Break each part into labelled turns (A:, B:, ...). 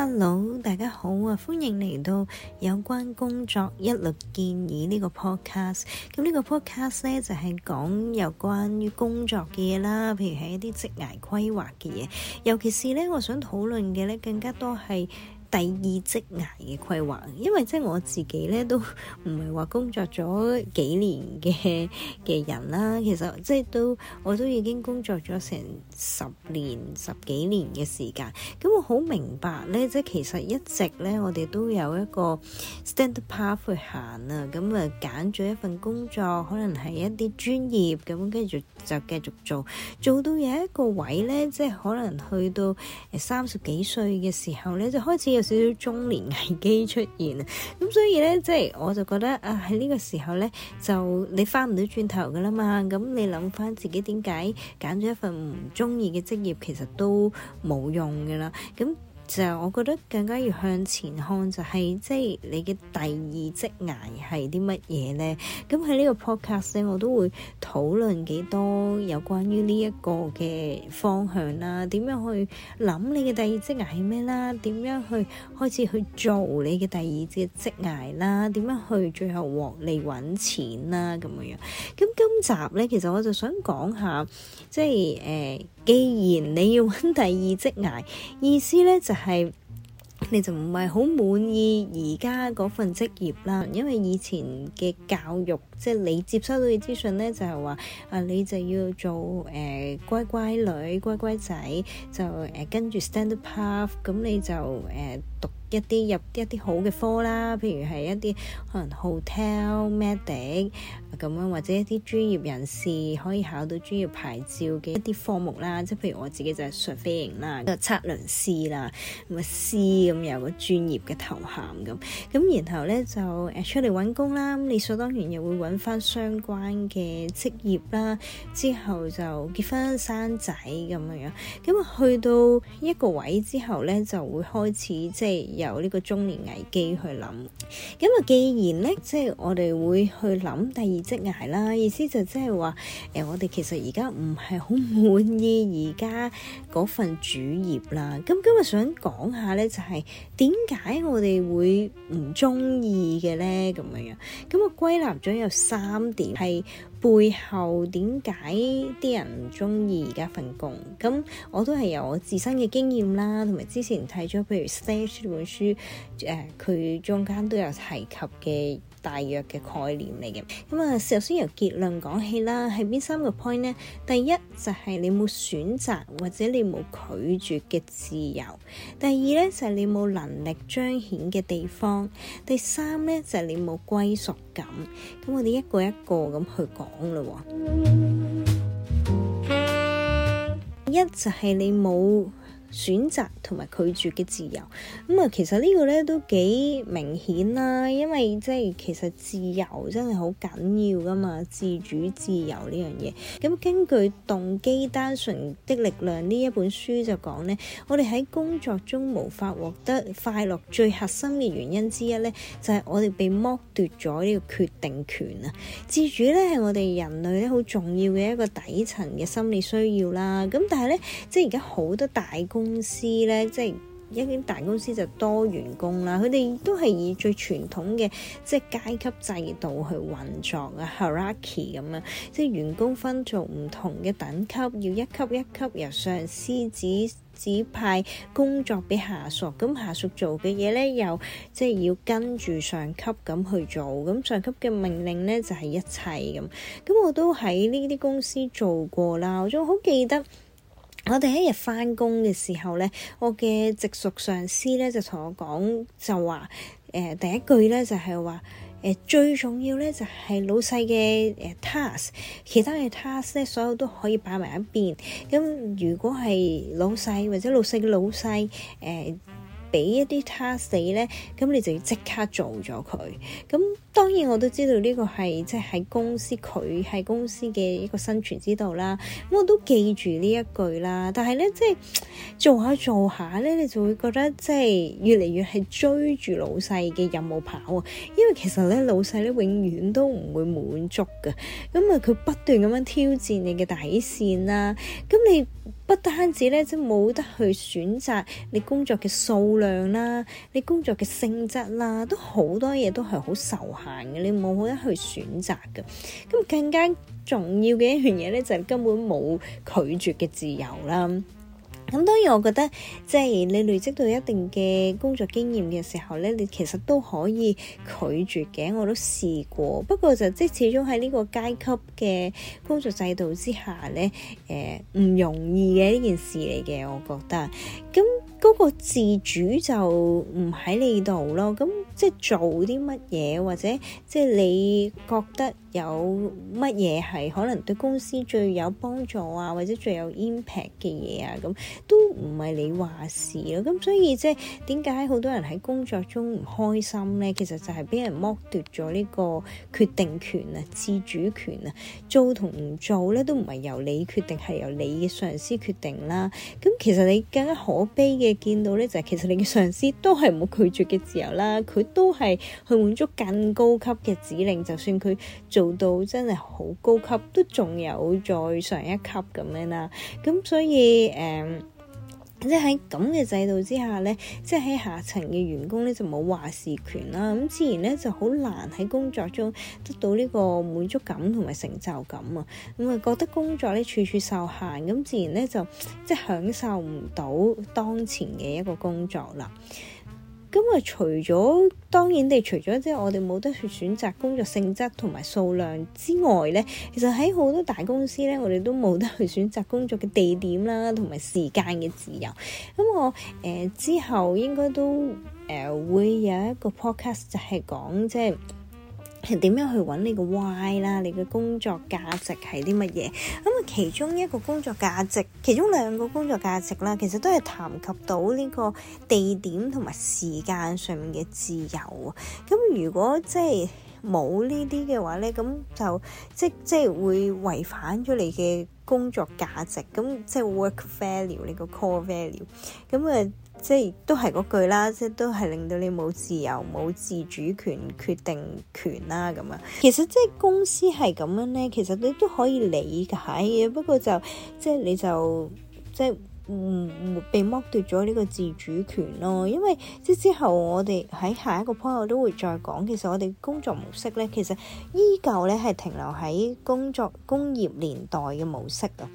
A: hello，大家好啊！歡迎嚟到有關工作一律建議呢個 podcast。咁呢個 podcast 咧就係講有關於工作嘅嘢啦，譬如係一啲職涯規劃嘅嘢，尤其是咧，我想討論嘅咧更加多係，第二職涯嘅規劃，因為即係我自己咧都唔係話工作咗幾年嘅嘅人啦，其實即係都我都已經工作咗成十年十幾年嘅時間，咁我好明白咧，即係其實一直咧我哋都有一個 standard path 去行啊，咁啊揀咗一份工作，可能係一啲專業，咁跟住就繼續做，做到有一個位咧，即係可能去到誒三十幾歲嘅時候咧，就開始。有少少中年危機出現，咁所以呢，即係我就覺得啊，喺呢個時候呢，就你翻唔到轉頭噶啦嘛。咁你諗翻自己點解揀咗一份唔中意嘅職業，其實都冇用噶啦。咁就係我覺得更加要向前看，就係，就係即係你嘅第二職涯係啲乜嘢咧？咁喺呢個 podcast 咧，我都會討論幾多有關於呢一個嘅方向啦。點樣去諗你嘅第二職涯係咩啦？點樣去開始去做你嘅第二職嘅職涯啦？點樣去最後獲利揾錢啦？咁樣樣。咁今集咧，其實我就想講下，即係誒。呃既然你要揾第二職涯，意思呢就係、是、你就唔係好滿意而家嗰份職業啦，因為以前嘅教育，即、就、係、是、你接收到嘅資訊呢，就係話啊，你就要做誒、呃、乖乖女、乖乖仔，就誒、呃、跟住 standard path，咁你就誒、呃、讀一啲入一啲好嘅科啦，譬如係一啲可能 hotel、medic 咁樣或者一啲專業人士可以考到專業牌照嘅一啲科目啦，即係譬如我自己就係術飛型啦，個測量師啦，咁啊師咁有個專業嘅頭銜。咁，咁然後呢，就誒出嚟揾工啦，咁理所當然又會揾翻相關嘅職業啦，之後就結婚生仔咁樣，咁啊去到一個位之後呢，就會開始即係有呢個中年危機去諗，咁啊既然呢，即係我哋會去諗第二。即啦，意思就即係話，誒、呃，我哋其實而家唔係好滿意而家嗰份主業啦。咁今日想講下呢，就係點解我哋會唔中意嘅呢？咁樣樣，咁我歸納咗有三點，係背後點解啲人唔中意而家份工。咁我都係由我自身嘅經驗啦，同埋之前睇咗譬如《Stage》呢本書，佢、呃、中間都有提及嘅。大約嘅概念嚟嘅，咁啊，首先由結論講起啦，係邊三個 point 呢？第一就係你冇選擇或者你冇拒絕嘅自由；第二呢，就係你冇能力彰顯嘅地方；第三呢，就係你冇歸屬感。咁我哋一個一個咁去講啦喎， 一就係你冇選擇同埋拒絕嘅自由，咁、嗯、啊，其實呢個咧都幾明顯啦，因為即係其實自由真係好緊要噶嘛，自主自由呢樣嘢。咁、嗯、根據《動機單純的力量》呢一本書就講呢：「我哋喺工作中無法獲得快樂最核心嘅原因之一呢，就係、是、我哋被剝奪咗呢個決定權啊。」自主呢係我哋人類咧好重要嘅一個底層嘅心理需要啦。咁、嗯、但係呢，即係而家好多大公司咧，即係一啲大公司就多員工啦，佢哋都係以最傳統嘅即係階級制度去運作啊，hierarchy 咁樣，即係員工分做唔同嘅等級，要一級一級由上司指指派工作俾下屬，咁下屬做嘅嘢咧又即係要跟住上級咁去做，咁上級嘅命令咧就係一切咁。咁我都喺呢啲公司做過啦，我仲好記得。我第一日返工嘅時候呢，我嘅直屬上司呢就同我講，就話誒、呃、第一句呢就係話誒，最重要呢就係老細嘅誒 task，其他嘅 task 呢所有都可以擺埋一邊。咁如果係老細或者老細嘅老細誒，呃俾一啲 task 你咧，咁你就要即刻做咗佢。咁當然我都知道呢個係即喺公司佢喺公司嘅一個生存之道啦。咁我都記住呢一句啦。但係咧，即係做下做下咧，你就會覺得即係越嚟越係追住老細嘅任務跑啊。因為其實咧，老細咧永遠都唔會滿足噶。咁啊，佢不斷咁樣挑戰你嘅底線啦。咁你。不單止咧，即冇得去選擇你工作嘅數量啦，你工作嘅性質啦，都好多嘢都係好受限嘅，你冇得去選擇嘅。咁更加重要嘅一樣嘢咧，就係根本冇拒絕嘅自由啦。咁當然，我覺得即係、就是、你累積到一定嘅工作經驗嘅時候咧，你其實都可以拒絕嘅。我都試過，不過就即係、就是、始終喺呢個階級嘅工作制度之下咧，誒、呃、唔容易嘅呢件事嚟嘅，我覺得咁。個自主就唔喺你度咯，咁即係做啲乜嘢，或者即係你覺得有乜嘢係可能對公司最有幫助啊，或者最有 impact 嘅嘢啊，咁都唔係你話事咯。咁所以即係點解好多人喺工作中唔開心咧？其實就係俾人剝奪咗呢個決定權啊、自主權啊，做同唔做咧都唔係由你決定，係由你嘅上司決定啦。咁其實你更加可悲嘅。見到咧就係其實你嘅上司都係冇拒絕嘅自由啦，佢都係去滿足更高級嘅指令，就算佢做到真係好高級，都仲有再上一級咁樣啦，咁所以誒。嗯即係喺咁嘅制度之下咧，即係喺下層嘅員工咧就冇話事權啦，咁自然咧就好難喺工作中得到呢個滿足感同埋成就感啊，咁啊覺得工作咧處處受限，咁自然咧就即係享受唔到當前嘅一個工作啦。咁啊、嗯，除咗當然地，除咗即係我哋冇得去選擇工作性質同埋數量之外咧，其實喺好多大公司咧，我哋都冇得去選擇工作嘅地點啦，同埋時間嘅自由。咁、嗯、我誒、呃、之後應該都誒、呃、會有一個 podcast 就係講即係。呃係點樣去揾呢個 Y 啦？你嘅工作價值係啲乜嘢？咁啊，其中一個工作價值，其中兩個工作價值啦，其實都係談及到呢個地點同埋時間上面嘅自由。咁如果即係冇呢啲嘅話咧，咁就即即係會違反咗你嘅工作價值，咁即係 work value 你個 core value。咁啊。即係都係嗰句啦，即係都係令到你冇自由、冇自主權、決定權啦，咁樣。其實即係公司係咁樣咧，其實你都可以理解嘅。不過就即係你就即係唔、嗯、被剝奪咗呢個自主權咯。因為即之後我哋喺下一個 project 都會再講，其實我哋工作模式咧，其實依舊咧係停留喺工作工業年代嘅模式噶。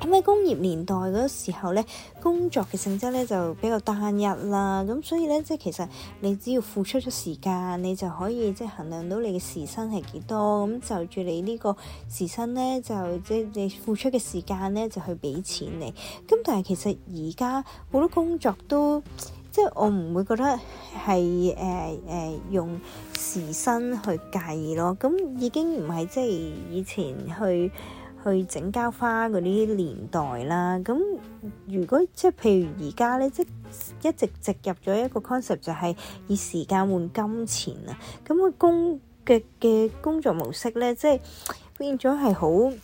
A: 咁喺工業年代嗰時候咧，工作嘅性質咧就比較單一啦，咁所以咧即係其實你只要付出咗時間，你就可以即係衡量到你嘅時薪係幾多，咁就住你呢個時薪咧，就即係你付出嘅時間咧就去俾錢你。咁但係其實而家好多工作都即係我唔會覺得係誒誒用時薪去計咯，咁已經唔係即係以前去。去整膠花嗰啲年代啦，咁如果即係譬如而家咧，即一直植入咗一個 concept，就係以時間換金錢啊，咁佢工嘅嘅工作模式咧，即係變咗係好。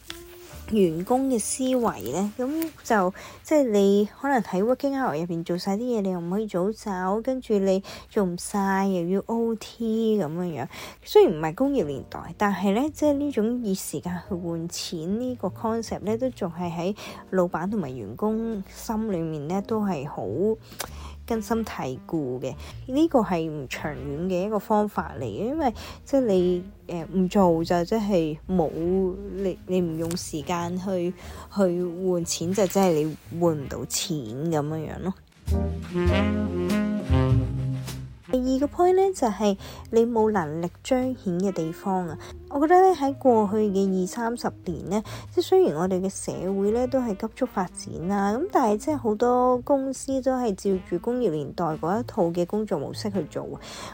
A: 員工嘅思維咧，咁就即係你可能喺 working hour 入邊做晒啲嘢，你又唔可以早走，跟住你做唔晒，又要 OT 咁樣樣。雖然唔係工業年代，但係咧，即係呢種以時間去換錢呢個 concept 咧，都仲係喺老闆同埋員工心裡面咧，都係好根深蒂固嘅。呢個係唔長遠嘅一個方法嚟嘅，因為即係你。呃，唔做就即係冇你，你唔用時間去去換錢就即係你換唔到錢咁樣咯。嗯。第二個 point 呢，就係你冇能力彰顯嘅地方啊！我覺得呢喺過去嘅二三十年呢，即係雖然我哋嘅社會呢都係急速發展啦，咁但係即係好多公司都係照住工業年代嗰一套嘅工作模式去做。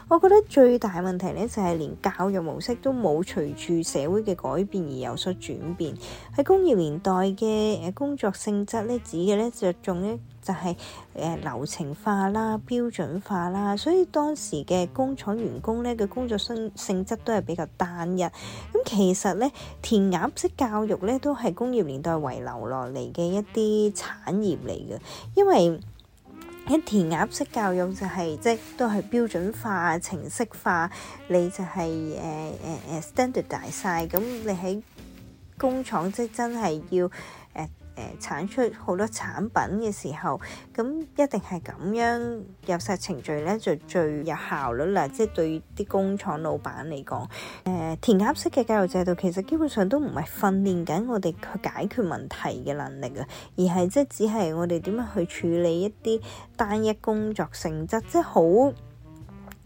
A: 我覺得最大問題呢，就係連教育模式都冇隨住社會嘅改變而有所轉變。喺工業年代嘅誒工作性質呢，指嘅呢着重呢。就係、是、誒、呃、流程化啦、標準化啦，所以當時嘅工廠員工咧嘅工作性性質都係比較單一。咁其實咧，填鴨式教育咧都係工業年代遺留落嚟嘅一啲產業嚟嘅，因為喺填鴨式教育就係、是、即、就是、都係標準化、程式化，你就係誒誒誒 standardize 晒。咁、呃呃呃、你喺工廠即、就是、真係要。誒、呃、產出好多產品嘅時候，咁一定係咁樣入實程序咧，就最有效率啦。即係對啲工廠老闆嚟講，誒、呃、填鴨式嘅教育制度其實基本上都唔係訓練緊我哋去解決問題嘅能力啊，而係即係只係我哋點樣去處理一啲單一工作性質，即係好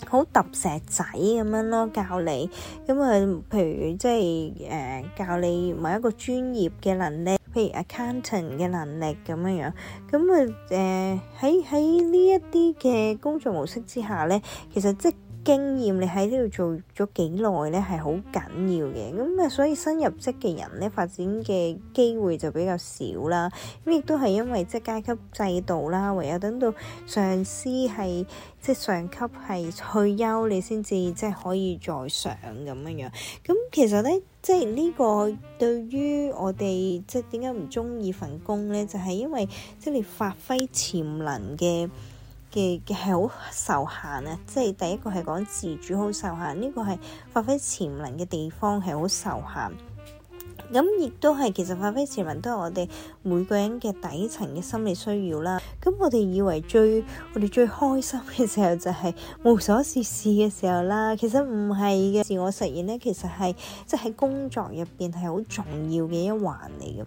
A: 好揼石仔咁樣咯。教你咁啊、嗯，譬如即係誒、呃、教你某一個專業嘅能力。譬如、okay, accountant 嘅能力咁樣樣，咁、嗯、啊誒，喺喺呢一啲嘅工作模式之下咧，其實即。經驗，你喺呢度做咗幾耐咧，係好緊要嘅。咁啊，所以新入職嘅人咧，發展嘅機會就比較少啦。咁亦都係因為即階級制度啦，唯有等到上司係即上級係退休，你先至即可以再上咁樣樣。咁其實咧，即呢個對於我哋即點解唔中意份工咧，就係因為即你發揮潛能嘅。嘅嘅係好受限啊！即係第一個係講自主好受限，呢個係發揮潛能嘅地方係好受限。咁亦都係其實發揮潛能都係我哋每個人嘅底層嘅心理需要啦。咁我哋以為最我哋最開心嘅時候就係無所事事嘅時候啦，其實唔係嘅。自我實現咧，其實係即係喺工作入邊係好重要嘅一環嚟嘅。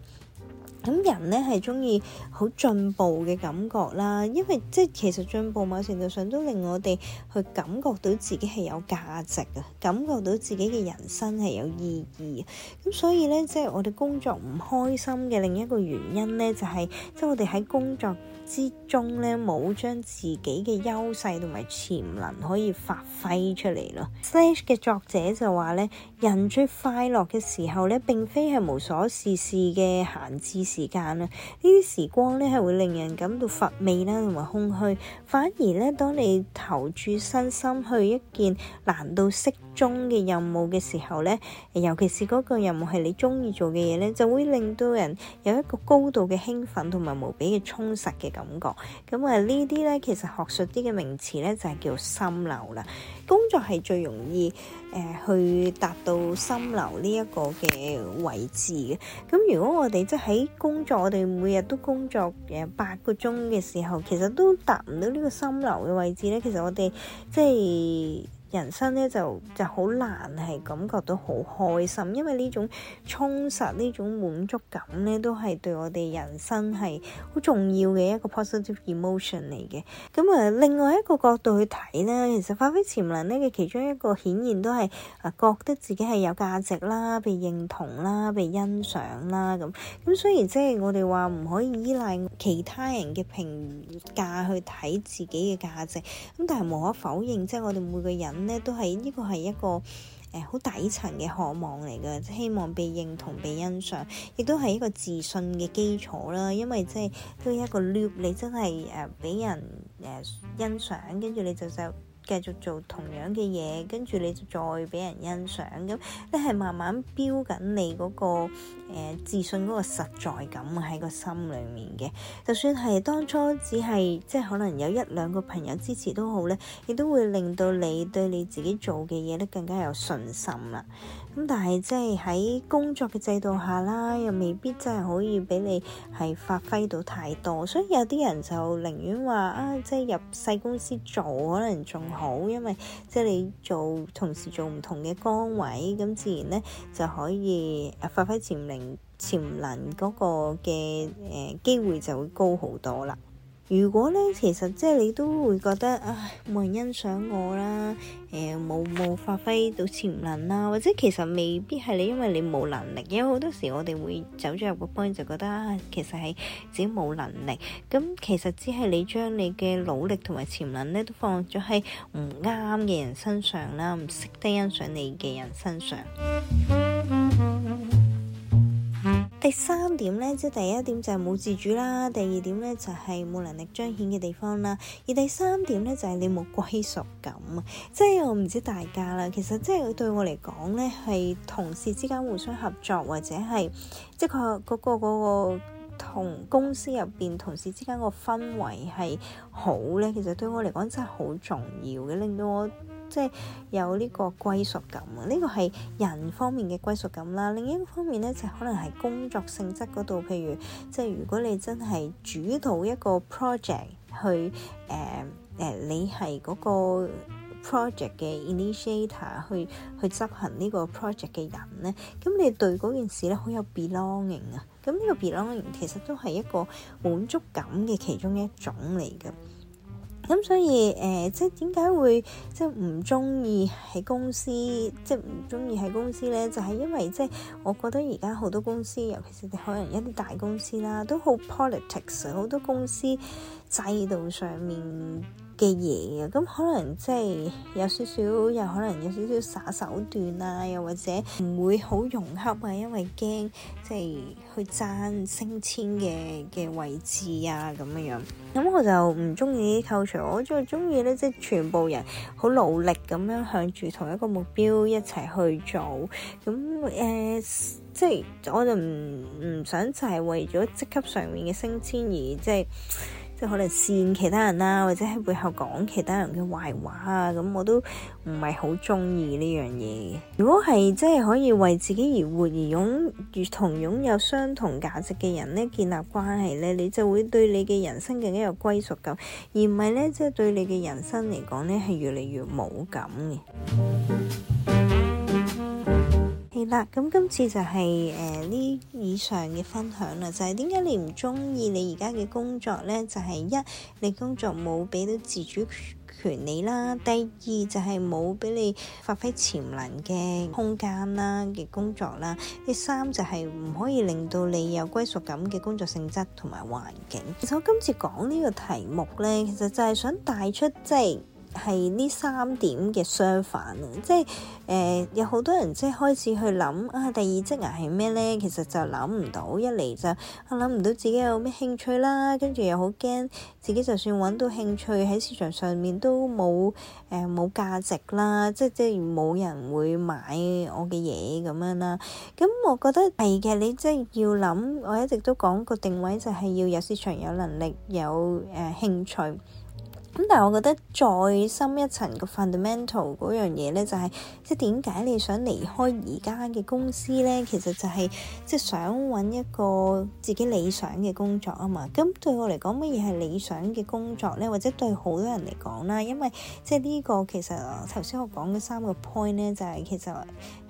A: 咁人咧係鍾意好進步嘅感覺啦，因為即係其實進步某程度上都令我哋去感覺到自己係有價值嘅，感覺到自己嘅人生係有意義。咁所以咧，即係我哋工作唔開心嘅另一個原因咧，就係即係我哋喺工作之中咧，冇將自己嘅優勢同埋潛能可以發揮出嚟咯。Slash 嘅作者就話咧，人最快樂嘅時候咧，並非係無所事事嘅閒置時間啦，呢啲時光咧係會令人感到乏味啦同埋空虛，反而咧，當你投注身心去一件難度適中嘅任務嘅時候呢，尤其是嗰個任務係你中意做嘅嘢呢，就會令到人有一個高度嘅興奮同埋無比嘅充實嘅感覺。咁、嗯、啊，呢啲呢，其實學術啲嘅名詞呢，就係叫心流啦。工作係最容易、呃、去達到心流呢一個嘅位置嘅。咁、嗯、如果我哋即係喺工作，我哋每日都工作八個鐘嘅時，時候，其實都達唔到呢個心流嘅位置呢，其實我哋即係。人生咧就就好難係感覺到好開心，因為呢種充實呢種滿足感咧，都係對我哋人生係好重要嘅一個 positive emotion 嚟嘅。咁啊，另外一個角度去睇咧，其實發揮潛能咧嘅其中一個顯然都係啊覺得自己係有價值啦、被認同啦、被欣賞啦咁。咁雖然即係我哋話唔可以依賴其他人嘅評價去睇自己嘅價值，咁但係無可否認即係、就是、我哋每個人。咧都係呢、這個係一個誒好、呃、底層嘅渴望嚟嘅，即希望被認同、被欣賞，亦都係一個自信嘅基礎啦。因為即係都一個 loop, 你真係誒俾人誒、呃、欣賞，跟住你就就。繼續做同樣嘅嘢，跟住你就再俾人欣賞咁，你係慢慢標緊你嗰個、呃、自信嗰個實在感喺個心裡面嘅。就算係當初只係即係可能有一兩個朋友支持都好咧，亦都會令到你對你自己做嘅嘢咧更加有信心啦。咁但係即係喺工作嘅制度下啦，又未必真係可以畀你係發揮到太多，所以有啲人就寧願話啊，即係入細公司做可能仲好，因為即係你做同時做唔同嘅崗位，咁自然咧就可以誒發揮潛能潛能嗰個嘅誒、呃、機會就會高好多啦。如果咧，其實即係你都會覺得啊，冇人欣賞我啦，誒、呃，冇冇發揮到潛能啦，或者其實未必係你，因你，因為你冇、啊、能力。有好多時我哋會走咗入個圈，就覺得啊，其實係自己冇能力。咁其實只係你將你嘅努力同埋潛能咧，都放咗喺唔啱嘅人身上啦，唔識得欣賞你嘅人身上。第三點咧，即係第一點就係冇自主啦，第二點咧就係冇能力彰顯嘅地方啦，而第三點咧就係你冇歸屬感。即係我唔知大家啦，其實即係對我嚟講咧，係同事之間互相合作或者係即係個嗰個嗰個同公司入邊同事之間個氛圍係好咧，其實對我嚟講真係好重要嘅，令到我。即係有呢個歸屬感啊！呢、這個係人方面嘅歸屬感啦。另一個方面咧，就可能係工作性質嗰度，譬如即係如果你真係主導一個 project 去誒誒、呃呃，你係嗰個 project 嘅 initiator 去去執行呢個 project 嘅人咧，咁你對嗰件事咧好有 belonging 啊！咁呢個 belonging 其實都係一個滿足感嘅其中一種嚟嘅。咁所以誒、呃，即係點解會即係唔中意喺公司，即係唔中意喺公司咧？就係因為即係我覺得而家好多公司，尤其是可能一啲大公司啦，都好 politics，好多公司制度上面。嘅嘢啊，咁可能即係有少少，又可能有少少耍手段啊，又或者唔會好融洽啊，因為驚即係去爭升遷嘅嘅位置啊，咁樣樣。咁我就唔中意啲扣除，我最中意咧，即係全部人好努力咁樣向住同一個目標一齊去做。咁誒，即係我就唔唔想就係為咗職級上面嘅升遷而即係。就是即係可能善其他人啦，或者喺背後講其他人嘅壞話啊，咁我都唔係好中意呢樣嘢。如果係即係可以為自己而活而，而擁同擁有相同價值嘅人呢，建立關係呢，你就會對你嘅人生更加有歸屬感，而唔係呢，即係對你嘅人生嚟講呢，係越嚟越冇感嘅。咁今次就係誒呢以上嘅分享啦，就係點解你唔中意你而家嘅工作呢？就係一，你工作冇俾到自主權利啦；第二就係冇俾你發揮潛能嘅空間啦嘅工作啦；第三就係唔可以令到你有歸屬感嘅工作性質同埋環境。其實我今次講呢個題目呢，其實就係想帶出即。係呢三點嘅相反啊！即係誒、呃、有好多人即係開始去諗啊，第二職涯係咩咧？其實就諗唔到，一嚟就啊諗唔到自己有咩興趣啦，跟住又好驚自己就算揾到興趣喺市場上面都冇誒冇價值啦，即即冇人會買我嘅嘢咁樣啦。咁、嗯、我覺得係嘅，你即係要諗，我一直都講個定位就係要有市場、有能力、有誒、呃、興趣。咁但係我覺得再深一層、個 fundamental 嗰樣嘢咧，就係、是、即係點解你想離開而家嘅公司咧？其實就係、是、即係想揾一個自己理想嘅工作啊嘛。咁對我嚟講，乜嘢係理想嘅工作咧？或者對好多人嚟講啦，因為即係呢個其實頭先我講嘅三個 point 咧，就係其實。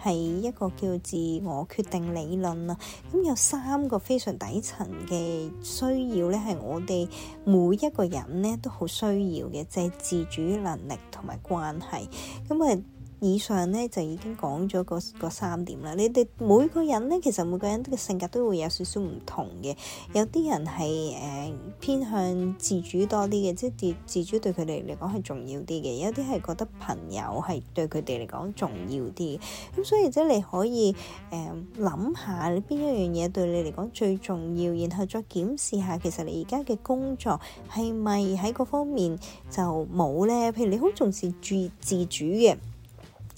A: 係一個叫自我決定理論啦，咁有三個非常底層嘅需要咧，係我哋每一個人咧都好需要嘅，即係自主、能力同埋關係，咁啊。以上咧就已經講咗個個三點啦。你哋每個人咧，其實每個人嘅性格都會有少少唔同嘅。有啲人係誒、呃、偏向自主多啲嘅，即係自自主對佢哋嚟講係重要啲嘅。有啲係覺得朋友係對佢哋嚟講重要啲。咁所以即係你可以誒諗、呃、下邊一樣嘢對你嚟講最重要，然後再檢視下其實你而家嘅工作係咪喺嗰方面就冇咧？譬如你好重視自主自主嘅。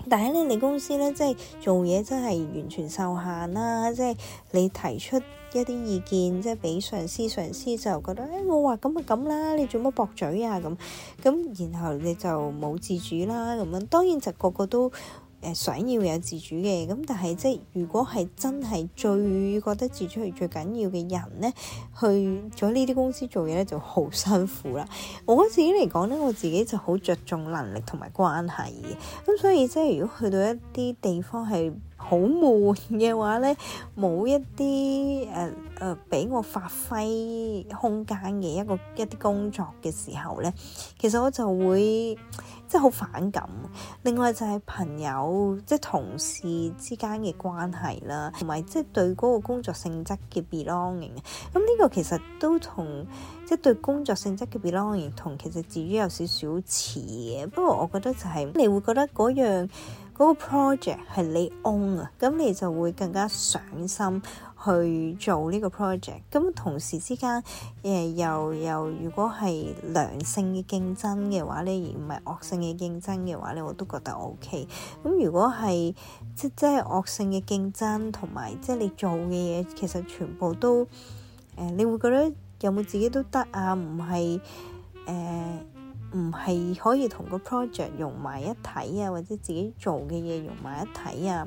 A: 但係你哋公司咧，即係做嘢真係完全受限啦。即係你提出一啲意見，即係畀上司，上司就覺得誒、欸，我話咁就咁啦，你做乜駁嘴啊？咁咁，然後你就冇自主啦。咁樣當然就個個都。誒、呃、想要有自主嘅，咁但係即係如果係真係最覺得自主係最緊要嘅人咧，去咗呢啲公司做嘢咧就好辛苦啦。我自己嚟講咧，我自己就好着重能力同埋關係嘅，咁所以即係如果去到一啲地方係好悶嘅話咧，冇一啲誒誒俾我發揮空間嘅一個一啲工作嘅時候咧，其實我就會。即係好反感，另外就係朋友即係、就是、同事之間嘅關係啦，同埋即係對嗰個工作性質嘅 belonging，咁呢個其實都同即係對工作性質嘅 belonging 同其實至於有少少似嘅，不過我覺得就係、是、你會覺得嗰樣。嗰個 project 係你 own 啊，咁你就會更加上心去做呢個 project。咁同時之間，誒、呃、又又如果係良性嘅競爭嘅話咧，而唔係惡性嘅競爭嘅話咧，我都覺得 OK。咁如果係即即係惡性嘅競爭，同埋即係你做嘅嘢其實全部都誒、呃，你會覺得有冇自己都得啊？唔係誒。呃唔係可以同個 project 融埋一體啊，或者自己做嘅嘢融埋一體啊，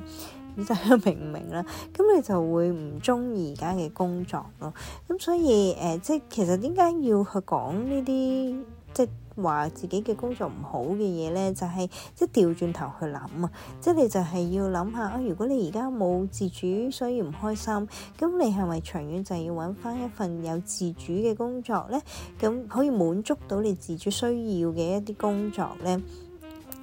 A: 咁就係明唔明啦？咁你就會唔中意而家嘅工作咯。咁所以誒、呃，即係其實點解要去講呢啲即係？話自己嘅工作唔好嘅嘢呢，就係即係調轉頭去諗啊！即係你就係要諗下啊，如果你而家冇自主，所以唔開心，咁你係咪長遠就要揾翻一份有自主嘅工作呢？咁可以滿足到你自主需要嘅一啲工作呢。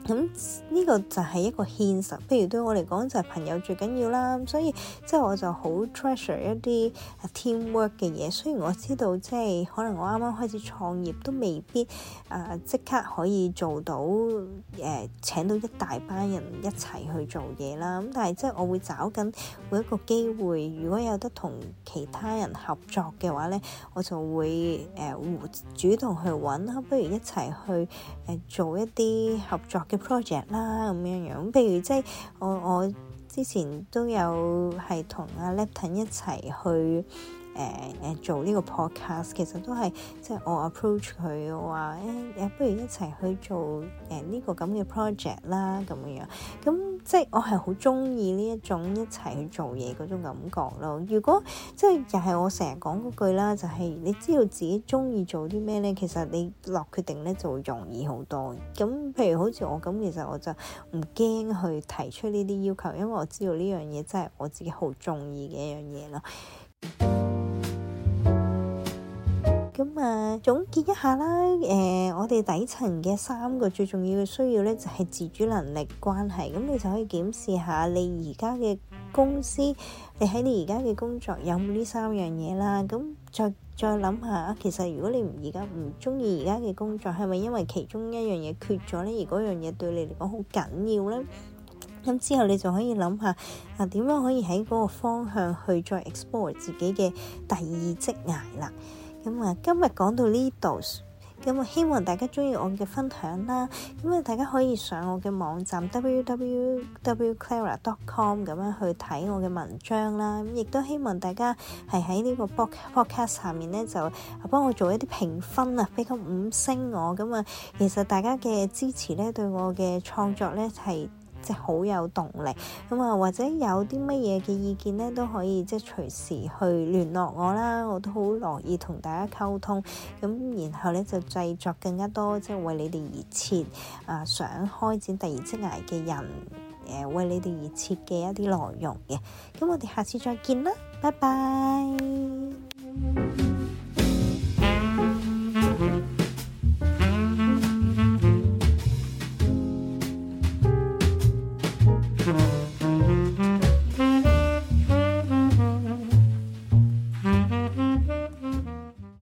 A: 咁呢個就係一個現實，譬如對我嚟講就係朋友最緊要啦，所以即係我就好 treasure 一啲 teamwork 嘅嘢。雖然我知道即係可能我啱啱開始創業都未必誒即刻，呃、可以做到誒、呃、請到一大班人一齊去做嘢啦。咁但係即係我會找緊每一個機會，如果有得同其他人合作嘅話咧，我就會誒誒、呃、主動去揾啊，不如一齊去誒、呃、做一啲合作。嘅 project 啦咁樣樣，譬如即係我我之前都有係同阿 Lipton 一齊去誒誒、呃、做呢個 podcast，其實都係即係我 approach 佢，我話誒誒、欸啊、不如一齊去做誒呢、呃這個咁嘅 project 啦咁樣，咁。即係我係好中意呢一種一齊去做嘢嗰種感覺咯。如果即係又係我成日講嗰句啦，就係你知道自己中意做啲咩呢？其實你落決定呢就會容易好多。咁譬如好似我咁，其實我就唔驚去提出呢啲要求，因為我知道呢樣嘢真係我自己好中意嘅一樣嘢啦。咁啊，總結一下啦。誒、呃，我哋底層嘅三個最重要嘅需要咧，就係、是、自主、能力、關係。咁你就可以檢視下你而家嘅公司，你喺你而家嘅工作有冇呢三樣嘢啦。咁再再諗下，其實如果你而家唔中意而家嘅工作，係咪因為其中一樣嘢缺咗呢？而嗰樣嘢對你嚟講好緊要呢？咁之後你就可以諗下啊，點樣可以喺嗰個方向去再 explore 自己嘅第二職涯啦。咁啊，今日講到呢度，咁啊，希望大家鍾意我嘅分享啦。咁啊，大家可以上我嘅網站 w w w clara dot com 咁樣去睇我嘅文章啦。咁亦都希望大家係喺呢個 podcast 下面咧，就幫我做一啲評分啊，俾個五星我。咁啊，其實大家嘅支持咧，對我嘅創作咧係～即係好有動力咁啊，或者有啲乜嘢嘅意見呢，都可以即係隨時去聯絡我啦，我都好樂意同大家溝通。咁然後呢，就製作更加多即係為你哋而設啊、呃，想開展第二職涯嘅人，誒、呃、為你哋而設嘅一啲內容嘅。咁我哋下次再見啦，拜拜。